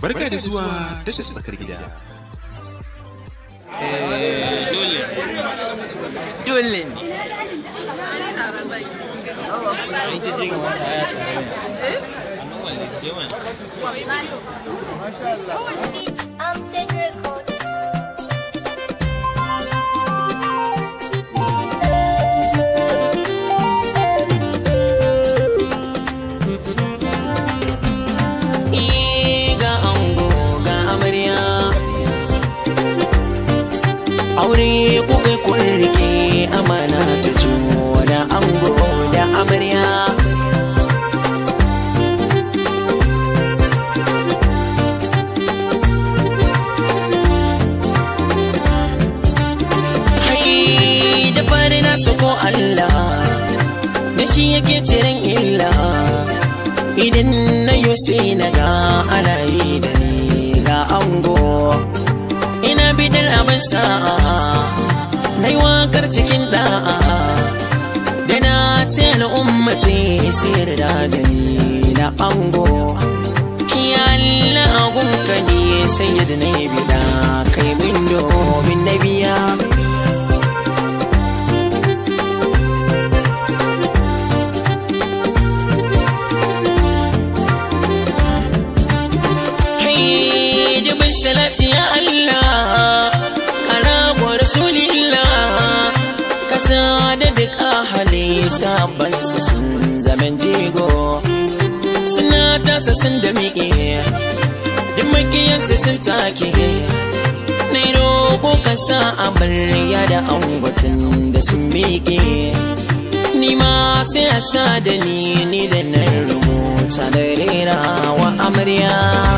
Barka da zuwa tashar tsakar gida. Eh, dole. Dole. Eh? aure kuka kun rike amana ta juwa da ango da amarya hai da fari na sako Allah da shi yake ciren illa idan na yi sai na ga ana bidar abin sa'a na wakar cikin da'a da na ce al'ummati siyar da zani na ango ya Allah gunka ne sayyid na bida kai sabon su sun zaman jigo suna ta sun da miƙe duk makiyansu sun take na roƙo ka sa a ya da angwatin da sun miƙe ni ma sai a sa da ni ni da na rubuta da rera wa amarya